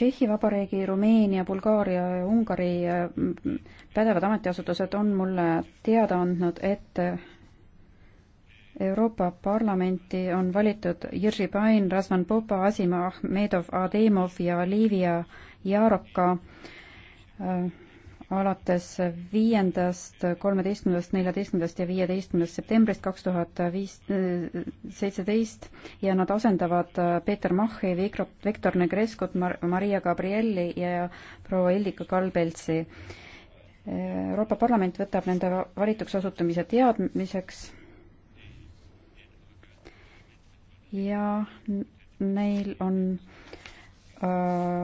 Tšehhi Vabariigi, Rumeenia, Bulgaaria ja Ungari äh, pädevad ametiasutused on mulle teada andnud, et Euroopa Parlamenti on valitud Jüri Pain, Razvan Popa, Asima Ahmedov, Ademov ja Livia Jaroka äh, alates viiendast, kolmeteistkümnendast, neljateistkümnendast ja viieteistkümnendast septembrist kaks tuhat viis, seitseteist ja nad asendavad äh, Peeter Machi, Viktor Negreskot, Maria Gabrielli ja proua Ellika Kalbeltsi. Euroopa Parlament võtab nende valituks osutumise teadmiseks ja neil on äh,